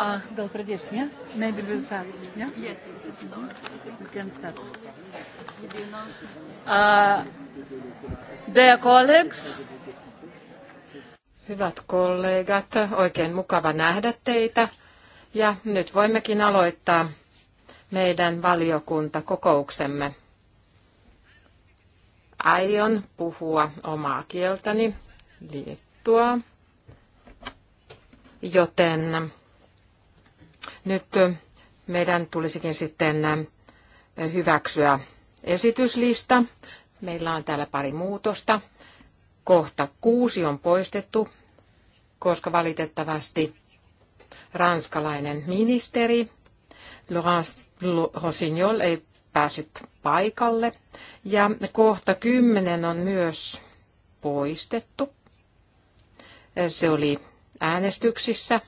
Uh, gal pradėsim, Maybe we'll start, yeah? Yes. We can start. Uh, dear colleagues. Hyvät kollegat, oikein mukava nähdä teitä. Ja nyt voimmekin aloittaa meidän valiokuntakokouksemme. Aion puhua omaa kieltäni, liittua, joten nyt meidän tulisikin sitten hyväksyä esityslista. Meillä on täällä pari muutosta. Kohta kuusi on poistettu, koska valitettavasti ranskalainen ministeri Laurence Rossignol ei päässyt paikalle. Ja kohta kymmenen on myös poistettu. Se oli äänestyksissä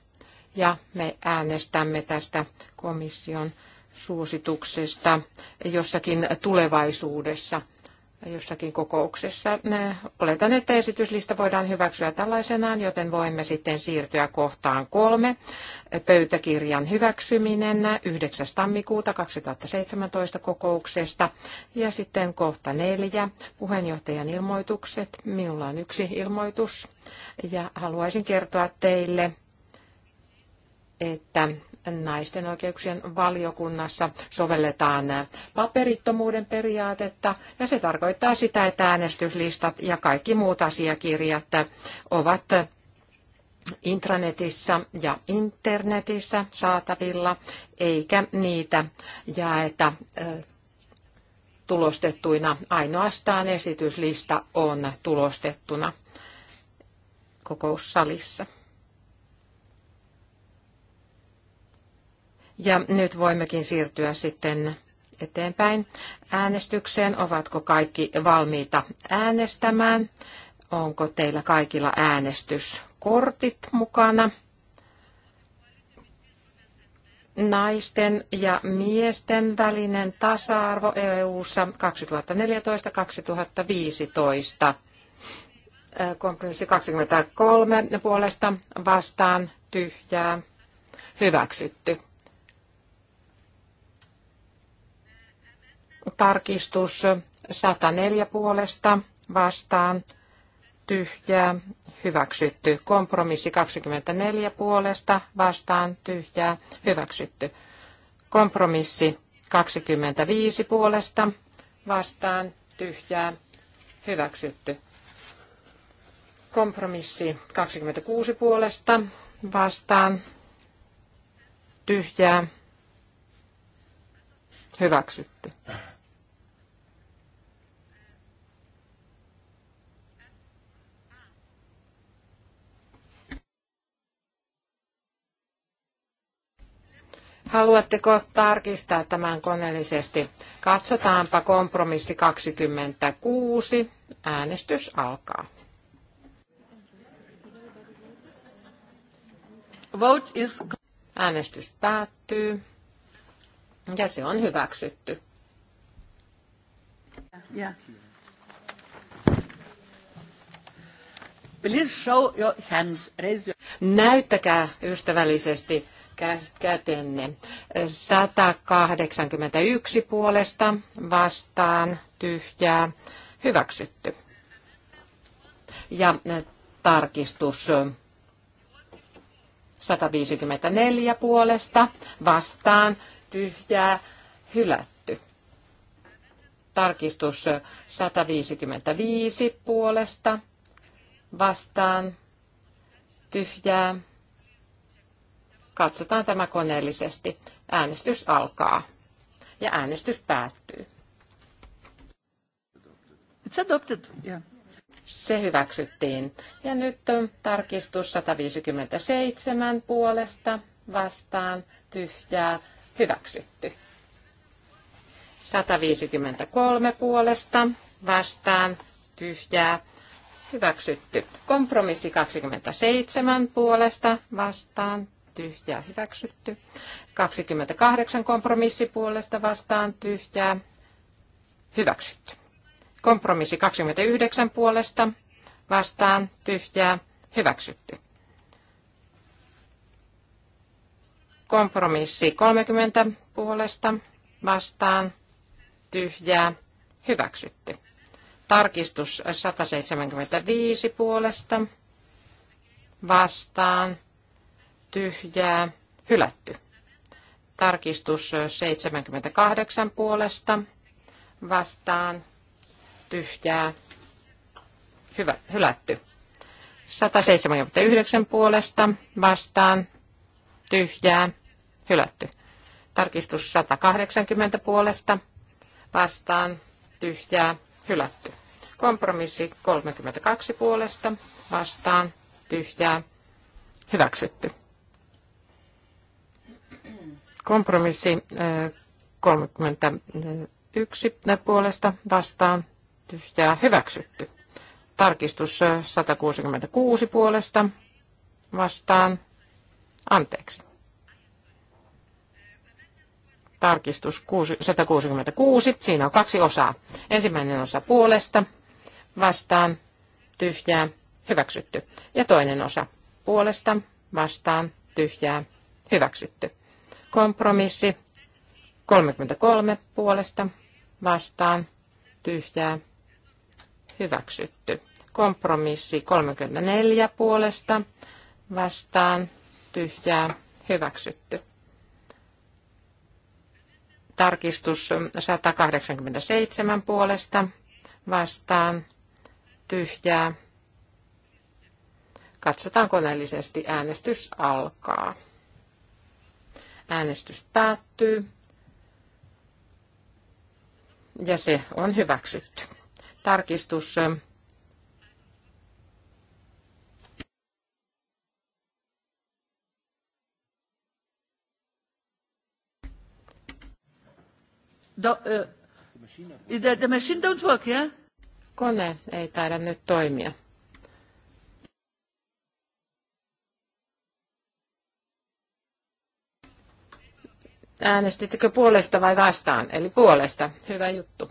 ja me äänestämme tästä komission suosituksesta jossakin tulevaisuudessa, jossakin kokouksessa. Oletan, että esityslista voidaan hyväksyä tällaisenaan, joten voimme sitten siirtyä kohtaan kolme. Pöytäkirjan hyväksyminen 9. tammikuuta 2017 kokouksesta. Ja sitten kohta neljä, puheenjohtajan ilmoitukset. Minulla on yksi ilmoitus ja haluaisin kertoa teille että naisten oikeuksien valiokunnassa sovelletaan paperittomuuden periaatetta ja se tarkoittaa sitä, että äänestyslistat ja kaikki muut asiakirjat ovat intranetissä ja internetissä saatavilla, eikä niitä jaeta tulostettuina. Ainoastaan esityslista on tulostettuna kokoussalissa. Ja nyt voimmekin siirtyä sitten eteenpäin äänestykseen. Ovatko kaikki valmiita äänestämään? Onko teillä kaikilla äänestyskortit mukana? Naisten ja miesten välinen tasa-arvo EU-ssa 2014-2015. Kompromissi 23 puolesta vastaan tyhjää hyväksytty. Tarkistus 104 puolesta vastaan tyhjää, hyväksytty. Kompromissi 24 puolesta vastaan tyhjää, hyväksytty. Kompromissi 25 puolesta vastaan tyhjää, hyväksytty. Kompromissi 26 puolesta vastaan tyhjää, hyväksytty. Haluatteko tarkistaa tämän koneellisesti? Katsotaanpa kompromissi 26. Äänestys alkaa. Vote is... Äänestys päättyy. Ja se on hyväksytty. Yeah. Please show your hands. Raise your... Näyttäkää ystävällisesti kätenne. 181 puolesta vastaan tyhjää hyväksytty. Ja tarkistus 154 puolesta vastaan tyhjää hylätty. Tarkistus 155 puolesta vastaan tyhjää Katsotaan tämä koneellisesti. Äänestys alkaa ja äänestys päättyy. It's adopted. Yeah. Se hyväksyttiin. Ja nyt on tarkistus 157 puolesta vastaan tyhjää hyväksytty. 153 puolesta vastaan tyhjää hyväksytty. Kompromissi 27 puolesta vastaan tyhjää hyväksytty. 28 kompromissi puolesta vastaan tyhjää hyväksytty. Kompromissi 29 puolesta vastaan tyhjää hyväksytty. Kompromissi 30 puolesta vastaan tyhjää hyväksytty. Tarkistus 175 puolesta vastaan tyhjää, hylätty. Tarkistus 78 puolesta vastaan tyhjää, hyvä, hylätty. 179 puolesta vastaan tyhjää, hylätty. Tarkistus 180 puolesta vastaan tyhjää, hylätty. Kompromissi 32 puolesta vastaan tyhjää, hyväksytty. Kompromissi 31 puolesta vastaan tyhjää hyväksytty. Tarkistus 166 puolesta vastaan. Anteeksi. Tarkistus 166. Siinä on kaksi osaa. Ensimmäinen osa puolesta vastaan tyhjää hyväksytty. Ja toinen osa puolesta vastaan tyhjää hyväksytty. Kompromissi 33 puolesta vastaan tyhjää hyväksytty. Kompromissi 34 puolesta vastaan tyhjää hyväksytty. Tarkistus 187 puolesta vastaan tyhjää. Katsotaan koneellisesti. Äänestys alkaa. Äänestys päättyy. Ja se on hyväksytty. Tarkistus Do, uh, the, machine don't work, yeah? Kone ei taida nyt toimia. Äänestittekö puolesta vai vastaan? Eli puolesta. Hyvä juttu.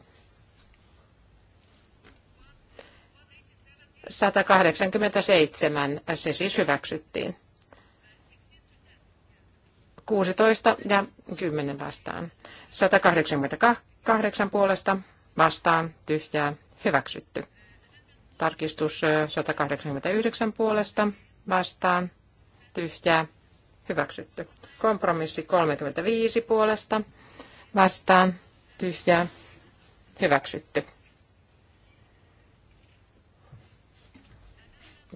187, se siis hyväksyttiin. 16 ja 10 vastaan. 188 puolesta vastaan tyhjää hyväksytty. Tarkistus 189 puolesta vastaan tyhjää hyväksytty. Kompromissi 35 puolesta vastaan tyhjää hyväksytty.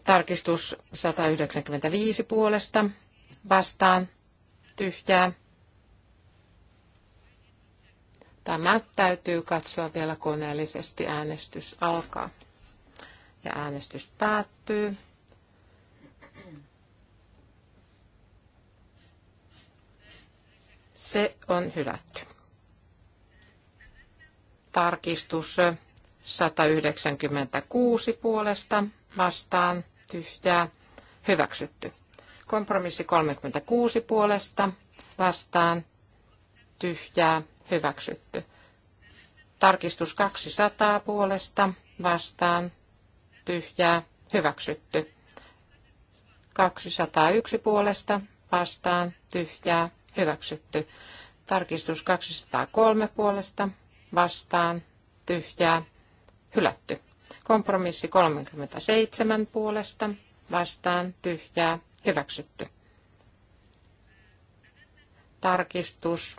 Tarkistus 195 puolesta vastaan tyhjää. Tämä täytyy katsoa vielä koneellisesti. Äänestys alkaa ja äänestys päättyy. Se on hylätty. Tarkistus 196 puolesta vastaan tyhjää hyväksytty. Kompromissi 36 puolesta vastaan tyhjää hyväksytty. Tarkistus 200 puolesta vastaan tyhjää hyväksytty. 201 puolesta vastaan tyhjää hyväksytty. Tarkistus 203 puolesta vastaan tyhjää hylätty. Kompromissi 37 puolesta vastaan tyhjää hyväksytty. Tarkistus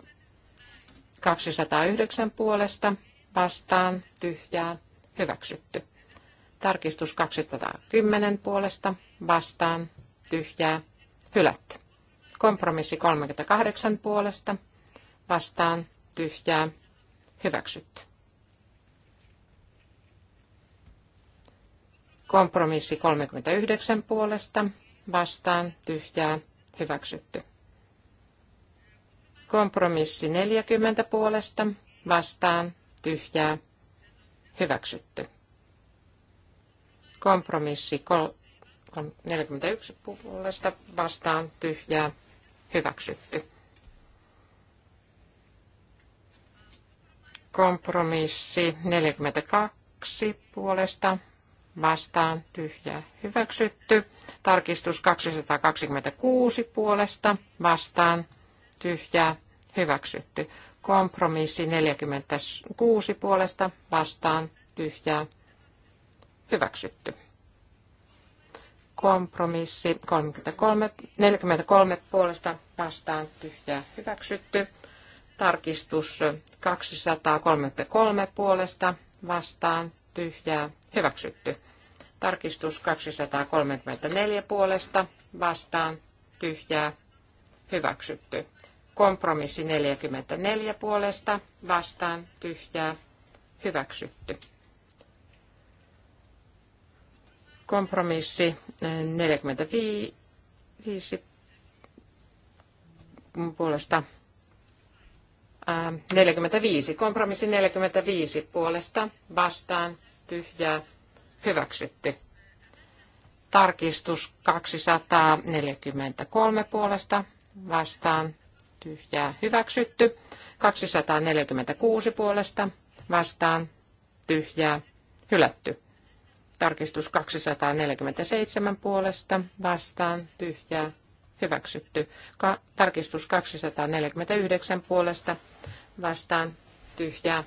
209 puolesta vastaan tyhjää hyväksytty. Tarkistus 210 puolesta vastaan tyhjää hylätty. Kompromissi 38 puolesta vastaan tyhjää hyväksytty. Kompromissi 39 puolesta vastaan tyhjää hyväksytty. Kompromissi 40 puolesta vastaan tyhjää hyväksytty. Kompromissi 41 puolesta vastaan tyhjää Hyväksytty. Kompromissi 42 puolesta vastaan tyhjä hyväksytty. Tarkistus 226 puolesta vastaan tyhjä hyväksytty. Kompromissi 46 puolesta vastaan tyhjä hyväksytty kompromissi 33, 43 puolesta vastaan tyhjää hyväksytty. Tarkistus 233 puolesta vastaan tyhjää hyväksytty. Tarkistus 234 puolesta vastaan tyhjää hyväksytty. Kompromissi 44 puolesta vastaan tyhjää hyväksytty. Kompromissi 45 eh, puolesta. 45, kompromissi 45 puolesta vastaan tyhjää hyväksytty. Tarkistus 243 puolesta vastaan tyhjää hyväksytty. 246 puolesta vastaan tyhjää hylätty. Tarkistus 247 puolesta vastaan tyhjää hyväksytty. Ka- tarkistus 249 puolesta vastaan tyhjää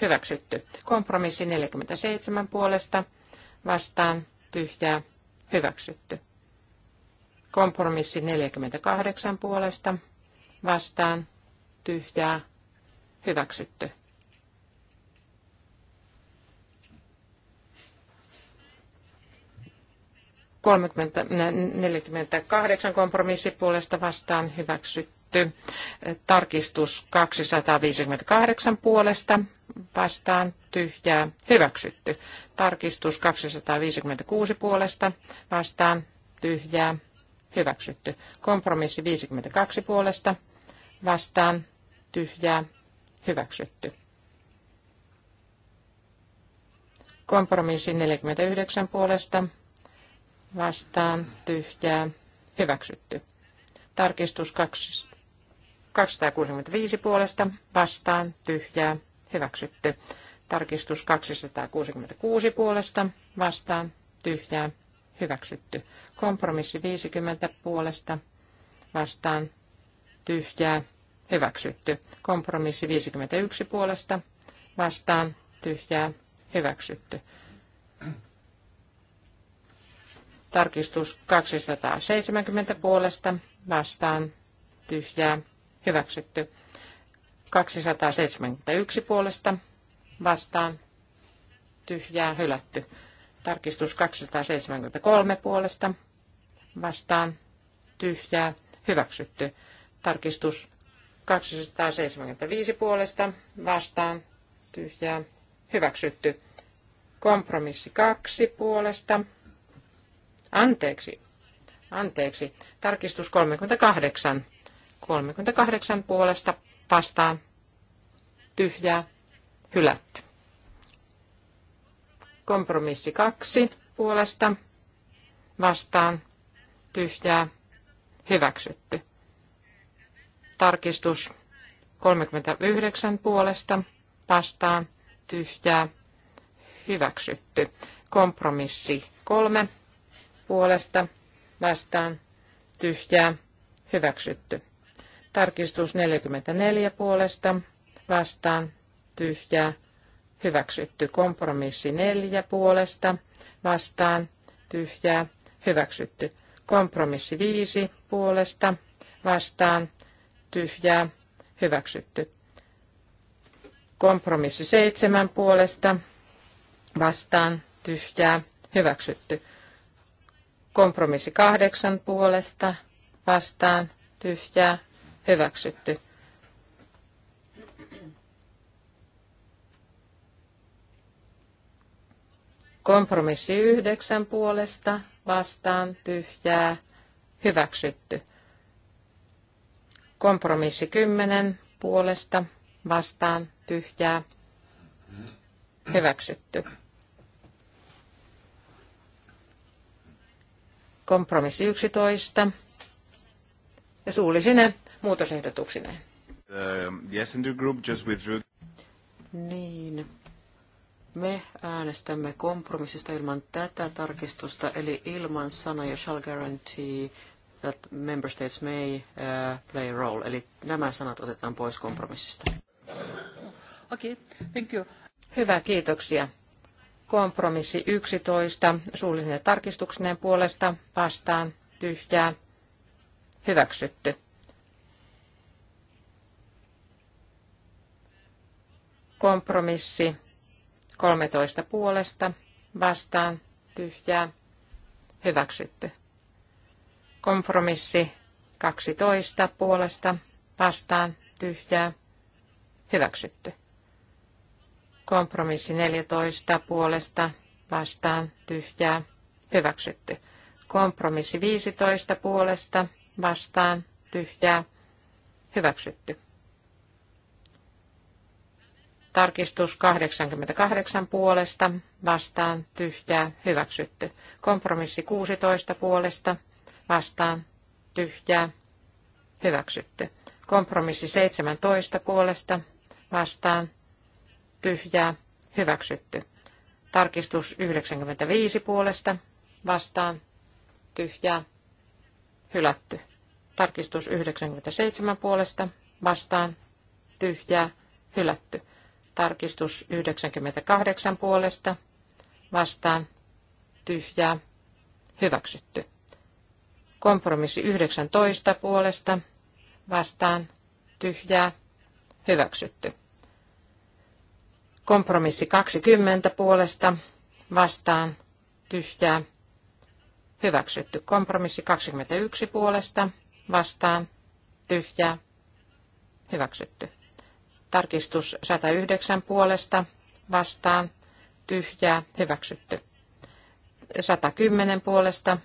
hyväksytty. Kompromissi 47 puolesta vastaan tyhjää hyväksytty. Kompromissi 48 puolesta vastaan tyhjää hyväksytty. 30, 48 kompromissipuolesta vastaan hyväksytty. Tarkistus 258 puolesta vastaan tyhjää hyväksytty. Tarkistus 256 puolesta vastaan tyhjää hyväksytty. Kompromissi 52 puolesta vastaan tyhjää hyväksytty. Kompromissi 49 puolesta vastaan tyhjää hyväksytty. Tarkistus 2, 265 puolesta vastaan tyhjää hyväksytty. Tarkistus 266 puolesta vastaan tyhjää hyväksytty. Kompromissi 50 puolesta vastaan tyhjää hyväksytty. Kompromissi 51 puolesta vastaan tyhjää hyväksytty. Tarkistus 270 puolesta vastaan tyhjää hyväksytty. 271 puolesta vastaan tyhjää hylätty. Tarkistus 273 puolesta vastaan tyhjää hyväksytty. Tarkistus 275 puolesta vastaan tyhjää hyväksytty. Kompromissi 2 puolesta Anteeksi. Anteeksi. Tarkistus 38. 38 puolesta vastaan. Tyhjää. Hylätty. Kompromissi 2 puolesta vastaan. Tyhjää. Hyväksytty. Tarkistus 39 puolesta vastaan. Tyhjää. Hyväksytty. Kompromissi 3 puolesta vastaan tyhjää hyväksytty. Tarkistus 44 puolesta vastaan tyhjää hyväksytty. Kompromissi 4 puolesta vastaan tyhjää hyväksytty. Kompromissi 5 puolesta vastaan tyhjää hyväksytty. Kompromissi 7 puolesta vastaan tyhjää hyväksytty. Kompromissi kahdeksan puolesta vastaan tyhjää hyväksytty. Kompromissi yhdeksän puolesta vastaan tyhjää hyväksytty. Kompromissi kymmenen puolesta vastaan tyhjää hyväksytty. Kompromissi 11. Ja suullisine muutosehdotuksineen. Um, niin. Me äänestämme kompromissista ilman tätä tarkistusta, eli ilman sanoja shall guarantee that member states may uh, play a role. Eli nämä sanat otetaan pois kompromissista. Okei, okay, thank you. Hyvä, kiitoksia. Kompromissi 11 suullisen tarkistuksineen puolesta vastaan tyhjää hyväksytty. Kompromissi 13 puolesta vastaan tyhjää hyväksytty. Kompromissi 12 puolesta vastaan tyhjää hyväksytty. Kompromissi 14 puolesta vastaan tyhjää hyväksytty. Kompromissi 15 puolesta vastaan tyhjää hyväksytty. Tarkistus 88 puolesta, vastaan tyhjää, hyväksytty. Kompromissi 16 puolesta, vastaan tyhjää, hyväksytty. Kompromissi 17 puolesta, vastaan tyhjää, hyväksytty. Tarkistus 95 puolesta, vastaan, tyhjää, hylätty. Tarkistus 97 puolesta, vastaan, tyhjää, hylätty. Tarkistus 98 puolesta, vastaan, tyhjää, hyväksytty. Kompromissi 19 puolesta, vastaan, tyhjää, hyväksytty. Kompromissi 20 puolesta vastaan tyhjää. Hyväksytty. Kompromissi 21 puolesta vastaan tyhjää. Hyväksytty. Tarkistus 109 puolesta vastaan tyhjää. Hyväksytty. 110 puolesta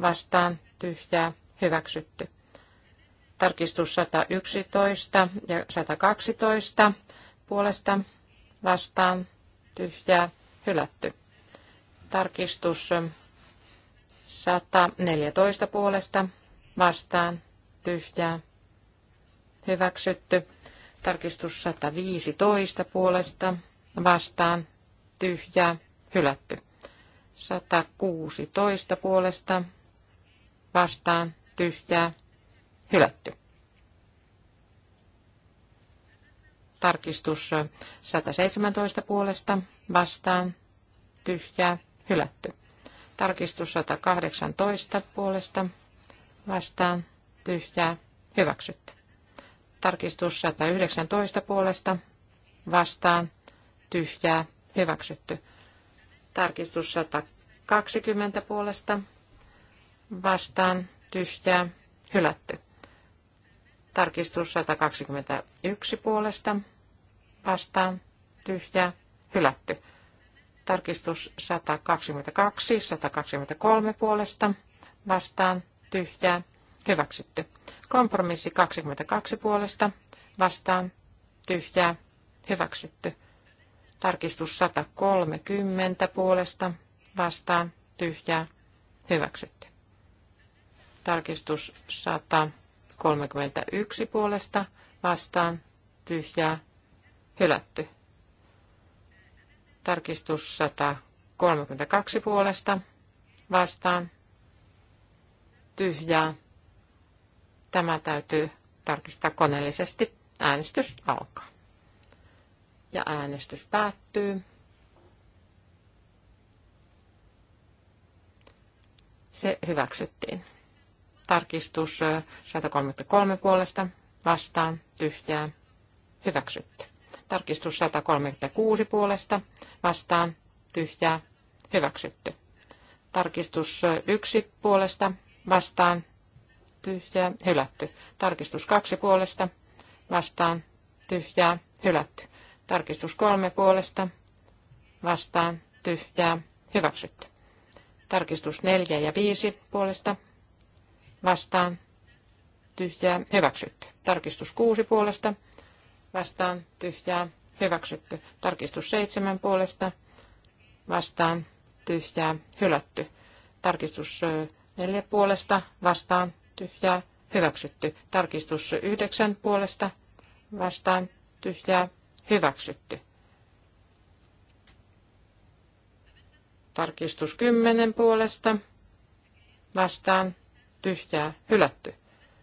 vastaan tyhjää. Hyväksytty. Tarkistus 111 ja 112 puolesta vastaan tyhjää hylätty. Tarkistus 114 puolesta vastaan tyhjää hyväksytty. Tarkistus 115 puolesta vastaan tyhjää hylätty. 116 puolesta vastaan tyhjää hylätty. Tarkistus 117 puolesta vastaan tyhjää hylätty. Tarkistus 118 puolesta vastaan tyhjää hyväksytty. Tarkistus 119 puolesta vastaan tyhjää hyväksytty. Tarkistus 120 puolesta vastaan tyhjää hylätty. Tarkistus 121 puolesta vastaan tyhjä hylätty. Tarkistus 122, 123 puolesta vastaan tyhjä hyväksytty. Kompromissi 22 puolesta vastaan tyhjä hyväksytty. Tarkistus 130 puolesta vastaan tyhjä hyväksytty. Tarkistus 100. 31 puolesta vastaan tyhjää hylätty. Tarkistus 132 puolesta vastaan tyhjää. Tämä täytyy tarkistaa koneellisesti. Äänestys alkaa. Ja äänestys päättyy. Se hyväksyttiin. Tarkistus 133 puolesta vastaan tyhjää hyväksytty. Tarkistus 136 puolesta vastaan tyhjää hyväksytty. Tarkistus 1 puolesta vastaan tyhjää hylätty. Tarkistus 2 puolesta vastaan tyhjää hylätty. Tarkistus 3 puolesta vastaan tyhjää hyväksytty. Tarkistus 4 ja 5 puolesta vastaan, tyhjää, hyväksytty. Tarkistus 6 puolesta, vastaan, tyhjää, hyväksytty. Tarkistus 7 puolesta, vastaan, tyhjää, hylätty. Tarkistus 4 puolesta, vastaan, tyhjää, hyväksytty. Tarkistus 9 puolesta, vastaan, tyhjää, hyväksytty. Tarkistus 10 puolesta, vastaan, tyhjää, hylätty.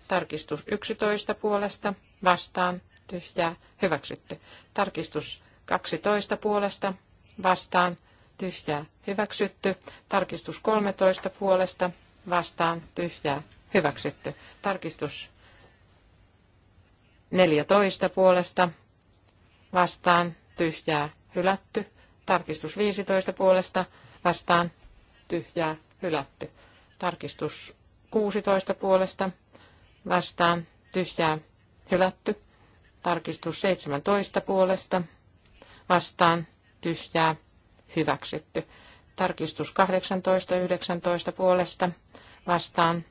Tarkistus 11 puolesta, vastaan, tyhjää, hyväksytty. Tarkistus 12 puolesta, vastaan, tyhjää, hyväksytty. Tarkistus 13 puolesta, vastaan, tyhjää, hyväksytty. Tarkistus 14 puolesta, vastaan, tyhjää, hylätty. Tarkistus 15 puolesta, vastaan, tyhjää, hylätty. Tarkistus 16 puolesta vastaan tyhjää hylätty. Tarkistus 17 puolesta vastaan tyhjää hyväksytty. Tarkistus 18 19 puolesta vastaan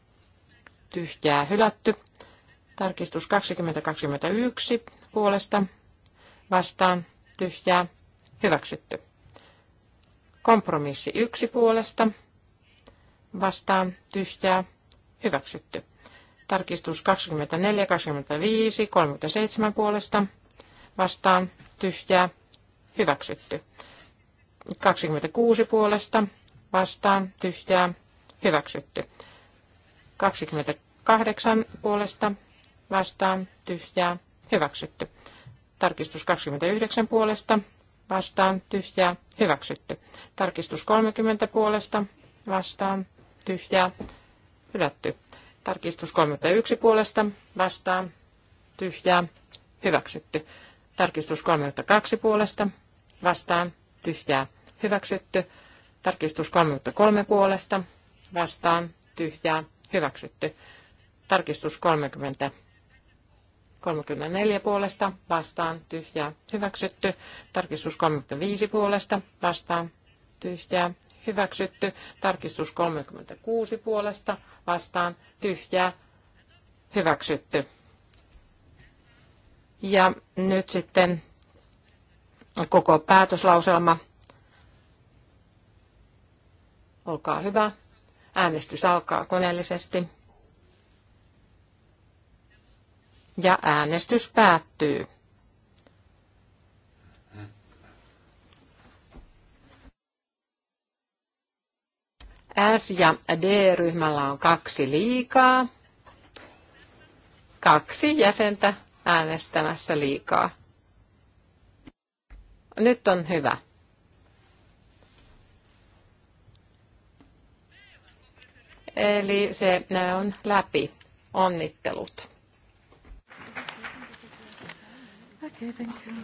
tyhjää hylätty. Tarkistus 2021 puolesta vastaan tyhjää hyväksytty. Kompromissi 1 puolesta vastaan tyhjää hyväksytty. Tarkistus 24, 25, 37 puolesta vastaan tyhjää hyväksytty. 26 puolesta vastaan tyhjää hyväksytty. 28 puolesta vastaan tyhjää hyväksytty. Tarkistus 29 puolesta vastaan tyhjää hyväksytty. Tarkistus 30 puolesta vastaan tyhjää Hylätty. Tarkistus 31 puolesta vastaan. Tyhjää. Hyväksytty. Tarkistus 32 puolesta vastaan. Tyhjää. Hyväksytty. Tarkistus 33 puolesta vastaan. Tyhjää. Hyväksytty. Tarkistus 30 34 puolesta vastaan tyhjää hyväksytty. Tarkistus 35 puolesta vastaan tyhjää hyväksytty. Tarkistus 36 puolesta vastaan tyhjää hyväksytty. Ja nyt sitten koko päätöslauselma. Olkaa hyvä. Äänestys alkaa koneellisesti. Ja äänestys päättyy. S- ja D-ryhmällä on kaksi liikaa. Kaksi jäsentä äänestämässä liikaa. Nyt on hyvä. Eli se on läpi. Onnittelut. Okay, thank you.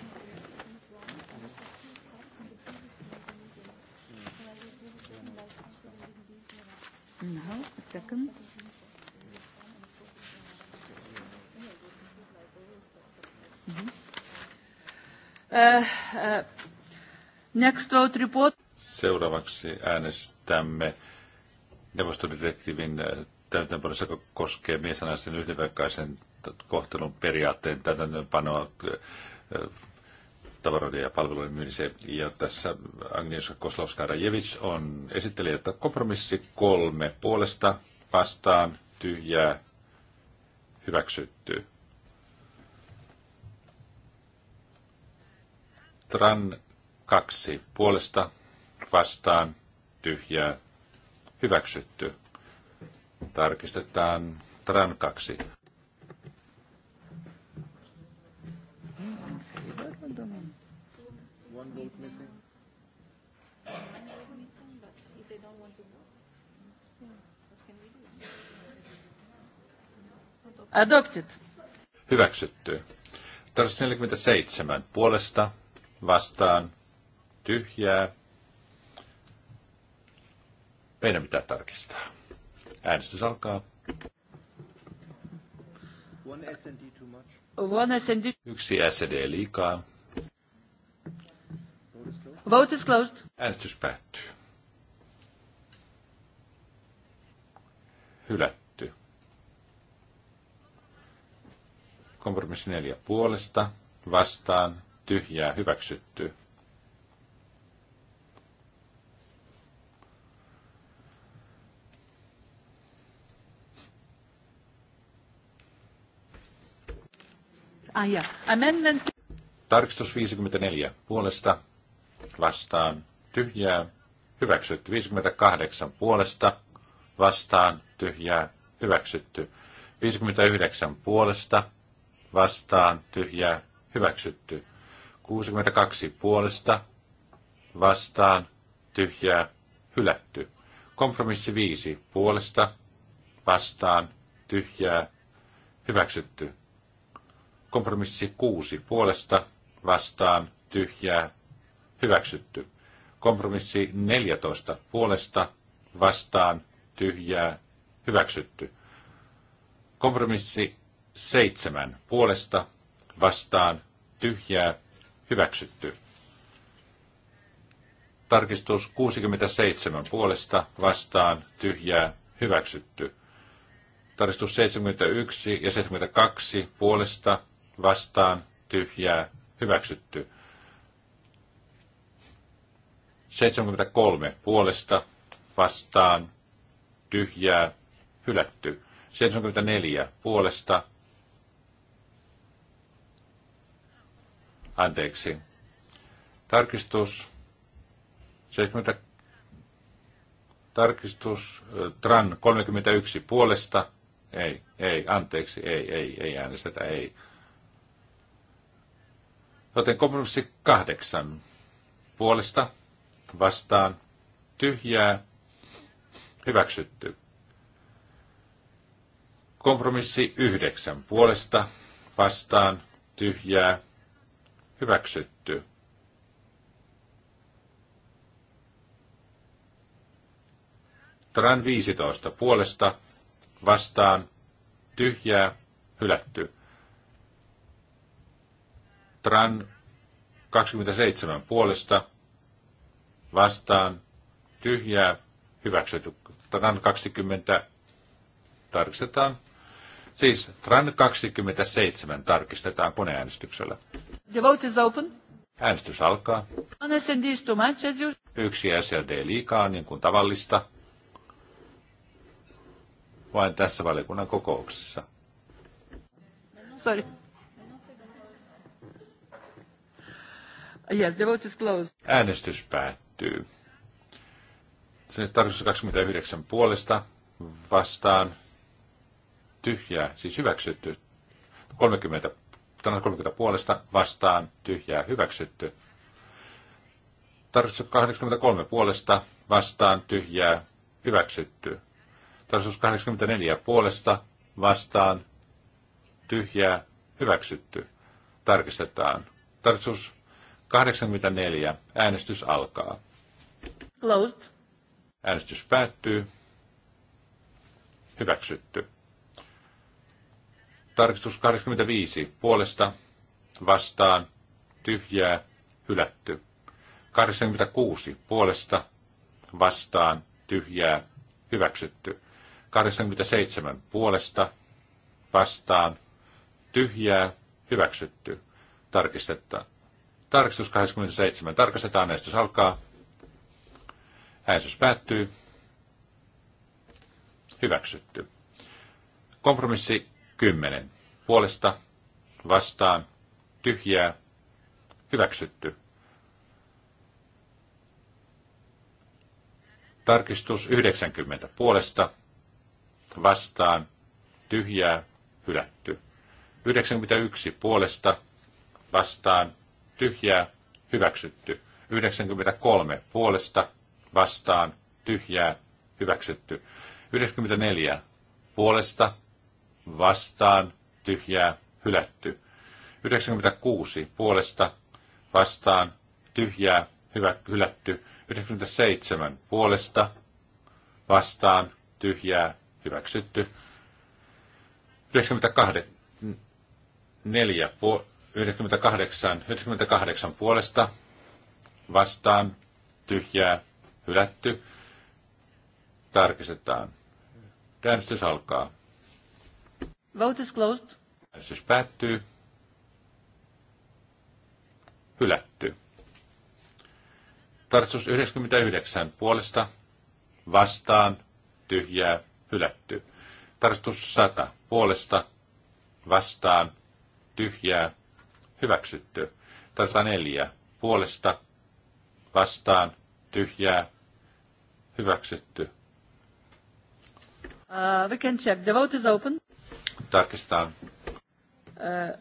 Mm, Now, second. Mm-hmm. Uh, uh, next vote report. Seuraavaksi äänestämme neuvostodirektiivin äh, täytäntöönpanossa koskee miesanaisen yhdenvertaisen kohtelun periaatteen täytäntöönpanoa äh, tavaroiden ja palveluiden myynnissä. Ja tässä Agnieszka koslowska rajevic on esittelijä, että kompromissi kolme puolesta vastaan tyhjää hyväksytty. Tran kaksi puolesta vastaan tyhjää hyväksytty. Tarkistetaan Tran kaksi. Adopted. Hyväksytty. Tarkoitus 47. Puolesta vastaan tyhjää. Meidän pitää tarkistaa. Äänestys alkaa. One SND too much. One SND. Yksi SD liikaa. Vote is closed. Äänestys päättyy. Hylätty. Kompromissi neljä puolesta, vastaan, tyhjää, hyväksytty. Ah, Amendment. Tarkistus 54. Puolesta vastaan tyhjää. Hyväksytty. 58. Puolesta vastaan tyhjää. Hyväksytty. 59. Puolesta vastaan tyhjää hyväksytty. 62 puolesta vastaan tyhjää hylätty. Kompromissi 5 puolesta vastaan tyhjää hyväksytty. Kompromissi 6 puolesta vastaan tyhjää hyväksytty. Kompromissi 14 puolesta vastaan tyhjää hyväksytty. Kompromissi seitsemän puolesta vastaan tyhjää hyväksytty. Tarkistus 67 puolesta vastaan tyhjää hyväksytty. Tarkistus 71 ja 72 puolesta vastaan tyhjää hyväksytty. 73 puolesta vastaan tyhjää hylätty. 74 puolesta Anteeksi. Tarkistus 70. Tarkistus TRAN 31 puolesta. Ei, ei, anteeksi, ei, ei, ei äänestetä, ei. Joten kompromissi kahdeksan puolesta vastaan tyhjää hyväksytty. Kompromissi yhdeksän puolesta vastaan tyhjää Hyväksytty. Tran 15 puolesta vastaan tyhjää hylätty. Tran 27 puolesta vastaan tyhjää hyväksytty. Tran 20 tarkistetaan. Siis Tran 27 tarkistetaan koneäänestyksellä. The vote is open. Äänestys alkaa. Yksi SLD liikaa, niin kuin tavallista. Vain tässä valiokunnan kokouksessa. Sorry. Yes, the vote is closed. Äänestys päättyy. Sinne on 29 puolesta vastaan tyhjää, siis hyväksytty. 30 30 puolesta vastaan tyhjää hyväksytty. Tarkistus 83 puolesta vastaan tyhjää hyväksytty. Tarkistus 84 puolesta vastaan tyhjää hyväksytty. Tarkistetaan. Tarkistus 84. Äänestys alkaa. Closed. Äänestys päättyy. Hyväksytty. Tarkistus 25. Puolesta vastaan tyhjää hylätty. 86. Puolesta vastaan tyhjää hyväksytty. 87. Puolesta vastaan tyhjää hyväksytty. Tarkistetta. Tarkistus 87. Tarkastetaan äänestys alkaa. Äänestys päättyy. Hyväksytty. Kompromissi 10. Puolesta, vastaan, tyhjää, hyväksytty. Tarkistus 90. Puolesta, vastaan, tyhjää, hylätty. 91. Puolesta, vastaan, tyhjää, hyväksytty. 93. Puolesta, vastaan, tyhjää, hyväksytty. 94. Puolesta, vastaan, tyhjää, hylätty. 96 puolesta, vastaan, tyhjää, hyvä, hylätty. 97 puolesta, vastaan, tyhjää, hyväksytty. 98, 4, 98, 98 puolesta, vastaan, tyhjää, hylätty. Tarkistetaan. Äänestys alkaa. Vote is closed. Äänestys päättyy. Hylätty. Tarkistus 99 puolesta vastaan tyhjää hylätty. Tarkistus 100 puolesta vastaan tyhjää hyväksytty. Tarkistus 4 puolesta vastaan tyhjää hyväksytty. Uh, we can check. The vote is open. Tarkistan. Uh,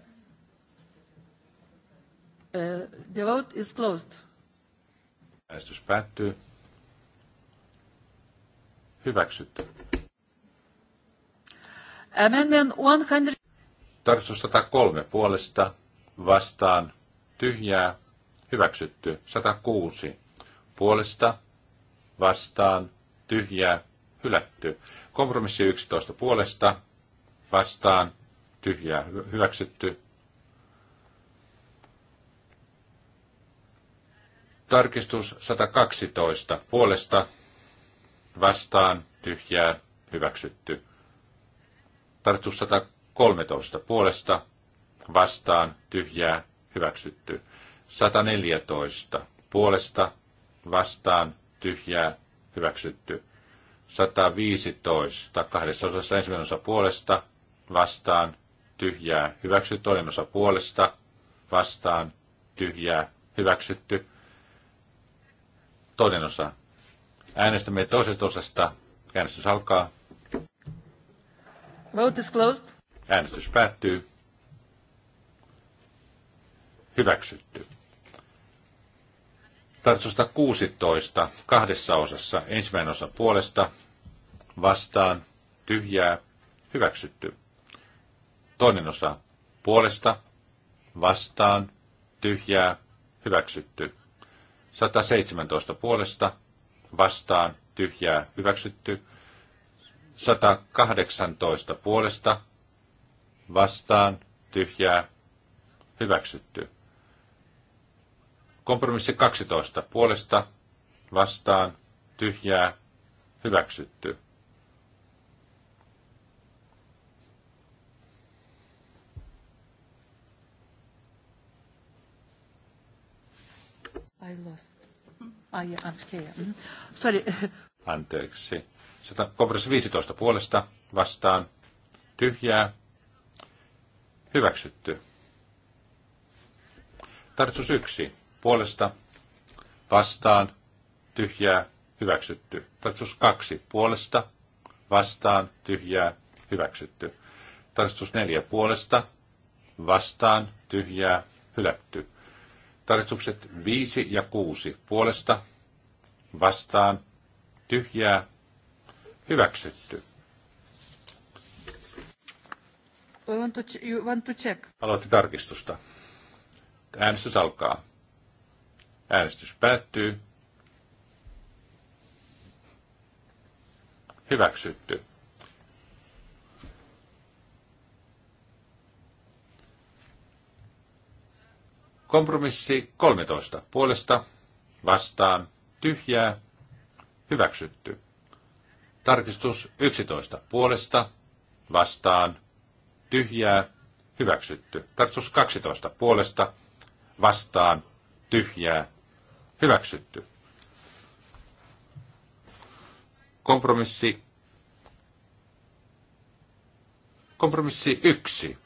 uh, the vote is closed. Äänestys päättyy. Hyväksytty. Amendment 100. Tarkistus 103 puolesta vastaan tyhjää hyväksytty. 106 puolesta vastaan tyhjää hylätty. Kompromissi 11 puolesta vastaan tyhjää hyväksytty. Tarkistus 112 puolesta vastaan tyhjää hyväksytty. Tarkistus 113 puolesta vastaan tyhjää hyväksytty. 114 puolesta vastaan tyhjää hyväksytty. 115 kahdessa osassa ensimmäinen osa puolesta vastaan, tyhjää, hyväksytty. Toinen osa puolesta, vastaan, tyhjää, hyväksytty. Toinen osa. Äänestämme toisesta osasta. Äänestys alkaa. Vote is closed. Äänestys päättyy. Hyväksytty. Tartusta 16 kahdessa osassa. Ensimmäinen osa puolesta, vastaan, tyhjää, hyväksytty. Toinen osa puolesta, vastaan, tyhjää, hyväksytty. 117 puolesta, vastaan, tyhjää, hyväksytty. 118 puolesta, vastaan, tyhjää, hyväksytty. Kompromissi 12 puolesta, vastaan, tyhjää, hyväksytty. I lost. Ai, I'm scared. Mm-hmm. Sorry. Anteeksi. Kompromissi 15 puolesta vastaan. Tyhjää. Hyväksytty. Tartsus 1 puolesta vastaan. Tyhjää. Hyväksytty. Tartsus 2 puolesta vastaan. Tyhjää. Hyväksytty. Tartsus 4 puolesta vastaan. Tyhjää. Hylätty. Tarkistukset 5 ja 6 puolesta vastaan tyhjää hyväksytty. Aloitti to, check. tarkistusta. Äänestys alkaa. Äänestys päättyy. Hyväksytty. Kompromissi 13. Puolesta vastaan tyhjää hyväksytty. Tarkistus 11. Puolesta vastaan tyhjää hyväksytty. Tarkistus 12. Puolesta vastaan tyhjää hyväksytty. Kompromissi Kompromissi 1.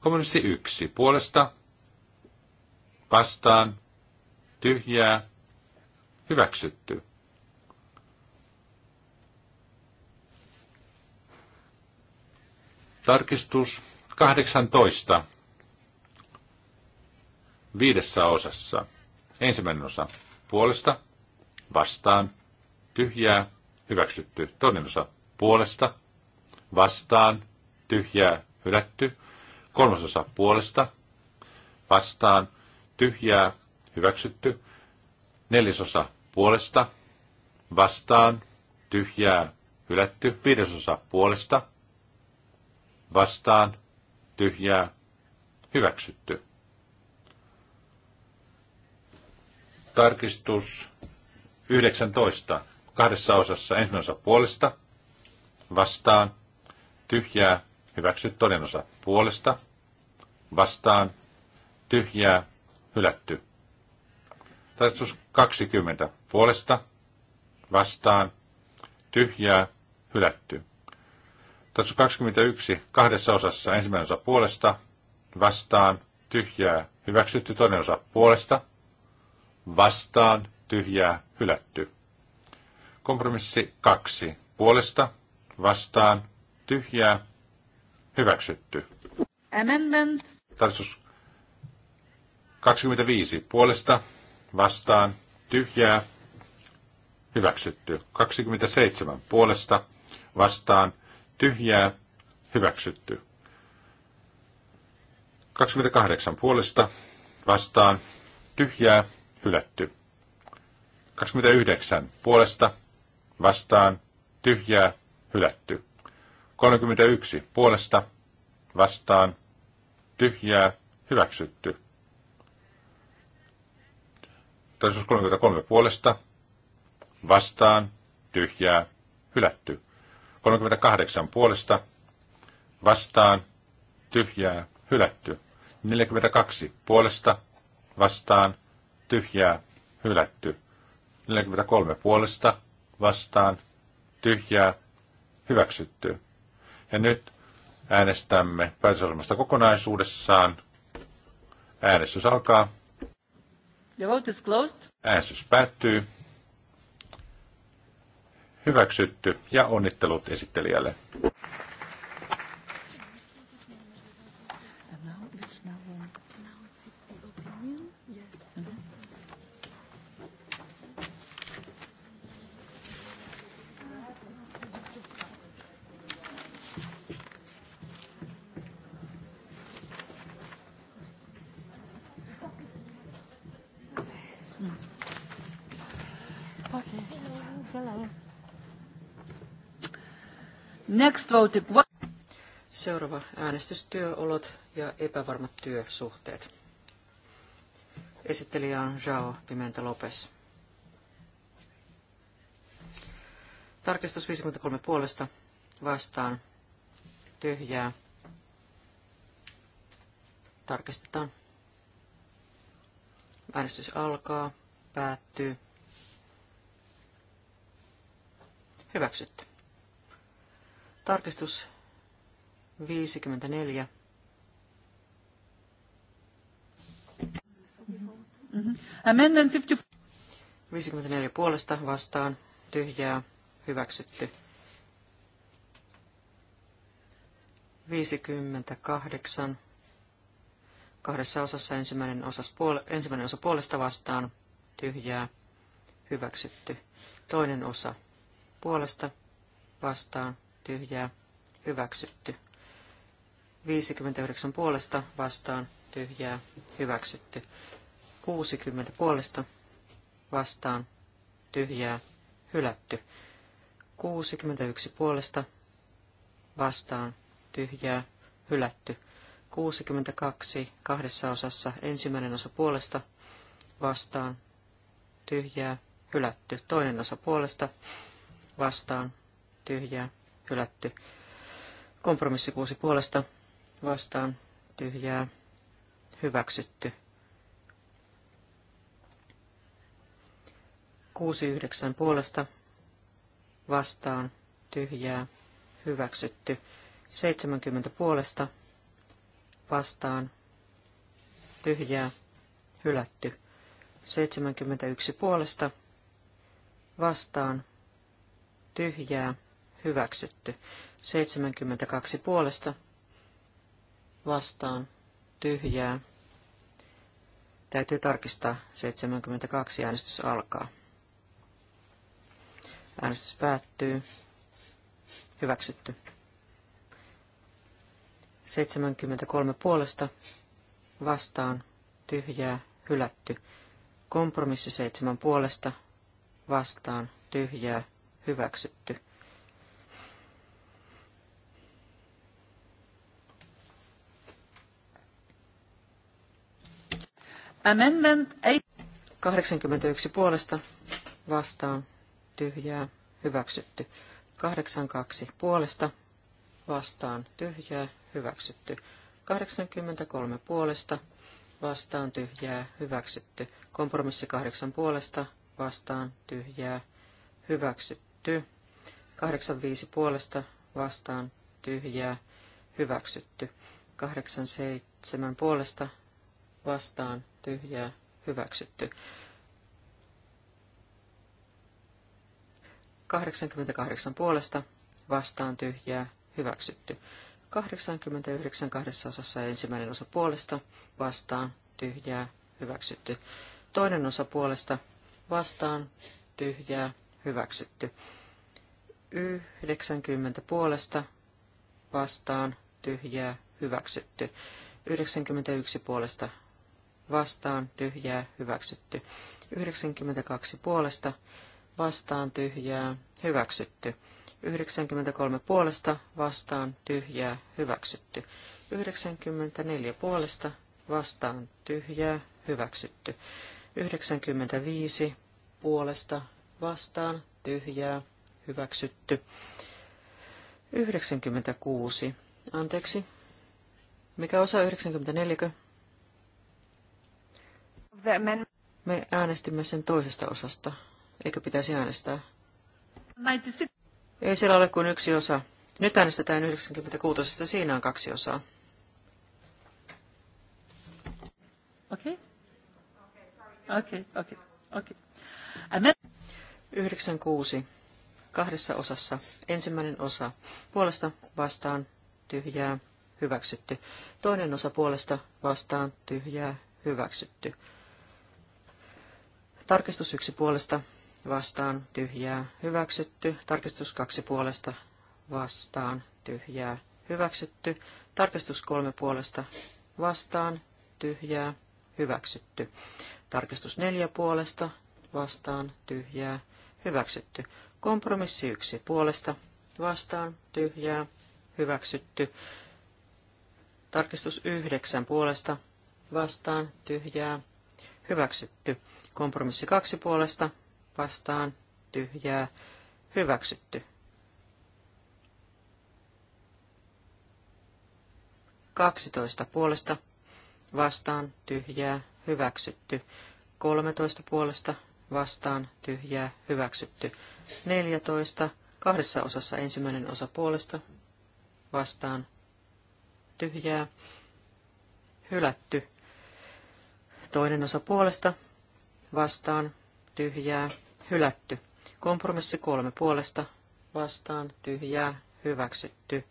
Kompromissi 1. Puolesta vastaan, tyhjää, hyväksytty. Tarkistus 18. Viidessä osassa. Ensimmäinen osa puolesta, vastaan, tyhjää, hyväksytty. Toinen osa puolesta, vastaan, tyhjää, hylätty. Kolmas osa puolesta, vastaan, tyhjää, hyväksytty. Neljäsosa puolesta, vastaan, tyhjää, hylätty. Viidesosa puolesta, vastaan, tyhjää, hyväksytty. Tarkistus 19. Kahdessa osassa ensimmäinen osa puolesta, vastaan, tyhjää, hyväksy toinen osa puolesta, vastaan, tyhjää, hylätty. Tarkistus 20 puolesta, vastaan, tyhjää, hylätty. Tarkistus 21 kahdessa osassa, ensimmäinen osa puolesta, vastaan, tyhjää, hyväksytty, toinen osa puolesta, vastaan, tyhjää, hylätty. Kompromissi 2 puolesta, vastaan, tyhjää, hyväksytty. Amendment. Tarkistus 25 puolesta vastaan tyhjää hyväksytty. 27 puolesta vastaan tyhjää hyväksytty. 28 puolesta vastaan tyhjää hylätty. 29 puolesta vastaan tyhjää hylätty. 31 puolesta vastaan tyhjää hyväksytty. Toisuus 33 puolesta. Vastaan. Tyhjää. Hylätty. 38 puolesta. Vastaan. Tyhjää. Hylätty. 42 puolesta. Vastaan. Tyhjää. Hylätty. 43 puolesta. Vastaan. Tyhjää. Hyväksytty. Ja nyt äänestämme päätösohjelmasta kokonaisuudessaan. Äänestys alkaa. The vote is closed. Äänestys päättyy. Hyväksytty ja onnittelut esittelijälle. voted. Seuraava äänestystyöolot ja epävarmat työsuhteet. Esittelijä on Jao Pimenta Lopes. Tarkistus 53 puolesta vastaan tyhjää. Tarkistetaan. Äänestys alkaa, päättyy. Hyväksytty. Tarkistus 54. Mhm. Amendment 54 puolesta vastaan tyhjää hyväksytty. 58 kahdessa osassa ensimmäinen, osas puole, ensimmäinen osa puolesta vastaan tyhjää hyväksytty. Toinen osa puolesta vastaan tyhjää, hyväksytty. 59 puolesta vastaan, tyhjää, hyväksytty. 60 puolesta vastaan, tyhjää, hylätty. 61 puolesta vastaan, tyhjää, hylätty. 62 kahdessa osassa, ensimmäinen osa puolesta vastaan, tyhjää, hylätty. Toinen osa puolesta vastaan, tyhjää, hylätty. Kompromissi kuusi puolesta vastaan tyhjää hyväksytty. 69 puolesta vastaan tyhjää hyväksytty. 70 puolesta vastaan tyhjää hylätty. 71 puolesta vastaan tyhjää hyväksytty. 72 puolesta vastaan tyhjää. Täytyy tarkistaa 72 äänestys alkaa. Äänestys päättyy. Hyväksytty. 73 puolesta vastaan tyhjää hylätty. Kompromissi 7 puolesta vastaan tyhjää hyväksytty. Amendment 81 puolesta vastaan tyhjää hyväksytty. 82 puolesta vastaan tyhjää hyväksytty. 83 puolesta vastaan tyhjää hyväksytty. Kompromissi 8 puolesta vastaan tyhjää hyväksytty. 85 puolesta vastaan tyhjää hyväksytty. 87 puolesta vastaan tyhjää hyväksytty. 88 puolesta vastaan tyhjää hyväksytty. 89 kahdessa osassa ensimmäinen osa puolesta vastaan tyhjää hyväksytty. Toinen osa puolesta vastaan tyhjää hyväksytty. 90 puolesta vastaan tyhjää hyväksytty. 91 puolesta vastaan tyhjää hyväksytty. 92 puolesta vastaan tyhjää hyväksytty. 93 puolesta vastaan tyhjää hyväksytty. 94 puolesta vastaan tyhjää hyväksytty. 95 puolesta vastaan tyhjää hyväksytty. 96. Anteeksi. Mikä osa 94? Me äänestimme sen toisesta osasta. Eikö pitäisi äänestää? Ei siellä ole kuin yksi osa. Nyt äänestetään 96. Siinä on kaksi osaa. Okei. Okay. Okei, okay, okei, okay, okei. 96. Kahdessa osassa. Ensimmäinen osa. Puolesta vastaan tyhjää hyväksytty. Toinen osa puolesta vastaan tyhjää hyväksytty. Tarkistus yksi puolesta vastaan tyhjää hyväksytty. Tarkistus kaksi puolesta vastaan tyhjää hyväksytty. Tarkistus kolme puolesta vastaan tyhjää hyväksytty. Tarkistus neljä puolesta vastaan tyhjää hyväksytty. Kompromissi yksi puolesta vastaan tyhjää hyväksytty. Tarkistus yhdeksän puolesta vastaan tyhjää hyväksytty. Kompromissi kaksi puolesta vastaan tyhjää hyväksytty. Kaksitoista puolesta vastaan tyhjää hyväksytty. Kolmetoista puolesta vastaan tyhjää hyväksytty. Neljätoista kahdessa osassa ensimmäinen osa puolesta vastaan tyhjää hylätty Toinen osa puolesta vastaan tyhjää hylätty. Kompromissi kolme puolesta vastaan tyhjää hyväksytty.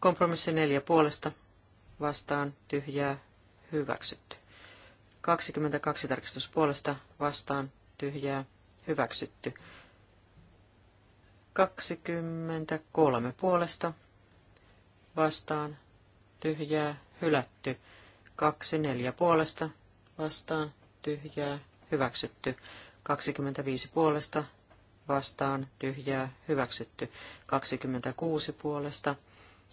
Kompromissi neljä puolesta vastaan tyhjää hyväksytty. 22 tarkistus puolesta vastaan tyhjää hyväksytty. 23 puolesta vastaan tyhjää, hylätty. neljä puolesta vastaan, tyhjää, hyväksytty. 25 puolesta vastaan, tyhjää, hyväksytty. 26 puolesta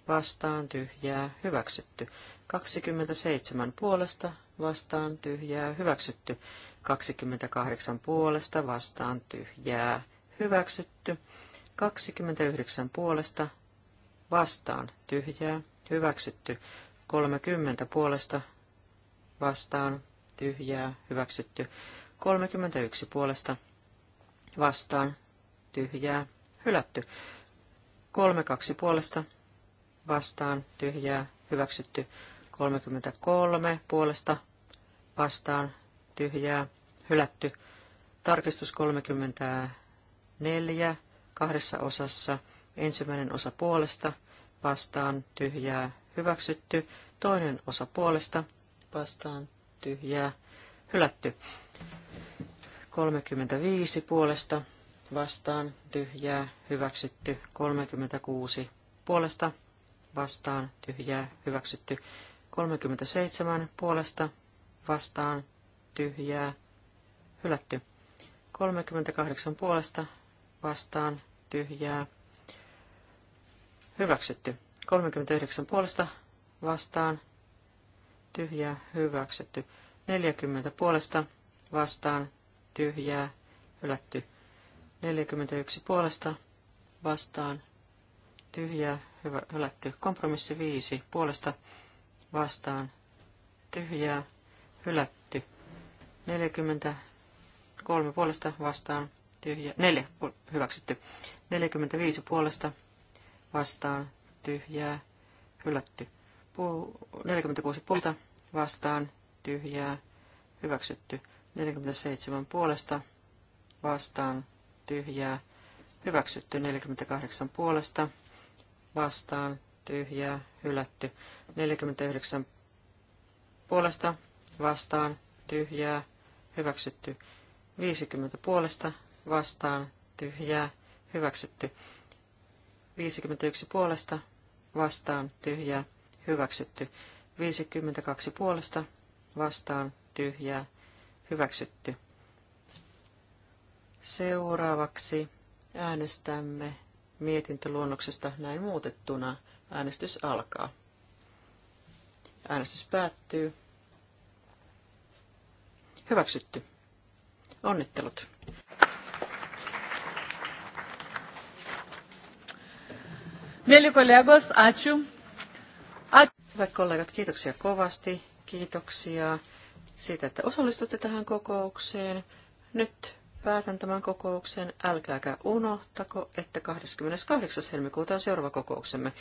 vastaan, tyhjää, hyväksytty. 27 puolesta vastaan, tyhjää, hyväksytty. 28 puolesta vastaan, tyhjää, hyväksytty. 29 puolesta vastaan, tyhjää, hyväksytty. 30 puolesta vastaan, tyhjää, hyväksytty. 31 puolesta vastaan, tyhjää, hylätty. 32 puolesta vastaan, tyhjää, hyväksytty. 33 puolesta vastaan, tyhjää, hylätty. Tarkistus 34 kahdessa osassa, ensimmäinen osa puolesta – vastaan tyhjää hyväksytty, toinen osa puolesta vastaan tyhjää hylätty. 35 puolesta vastaan tyhjää hyväksytty, 36 puolesta vastaan tyhjää hyväksytty, 37 puolesta vastaan tyhjää hylätty, 38 puolesta vastaan tyhjää Hyväksytty. 39 puolesta vastaan. Tyhjää. Hyväksytty. 40 puolesta vastaan. Tyhjää. Hylätty. 41 puolesta vastaan. Tyhjää. Hyvä, hylätty. Kompromissi 5 puolesta vastaan. Tyhjää. Hylätty. 43 puolesta vastaan. Tyhjää. 4 hyväksytty. 45 puolesta vastaan vastaan tyhjää hylätty. 46 puolesta vastaan tyhjää hyväksytty. 47 puolesta vastaan tyhjää hyväksytty. 48 puolesta vastaan tyhjää hylätty. 49 puolesta vastaan tyhjää hyväksytty. 50 puolesta vastaan tyhjää hyväksytty. 51 puolesta, vastaan, tyhjää, hyväksytty. 52 puolesta, vastaan, tyhjää, hyväksytty. Seuraavaksi äänestämme mietintöluonnoksesta näin muutettuna. Äänestys alkaa. Äänestys päättyy. Hyväksytty. Onnittelut. Mieli kollegos, ačiū. Hyvät kollegat, kiitoksia kovasti. Kiitoksia siitä, että osallistutte tähän kokoukseen. Nyt päätän tämän kokouksen. Älkääkä unohtako, että 28. helmikuuta on seuraava kokouksemme.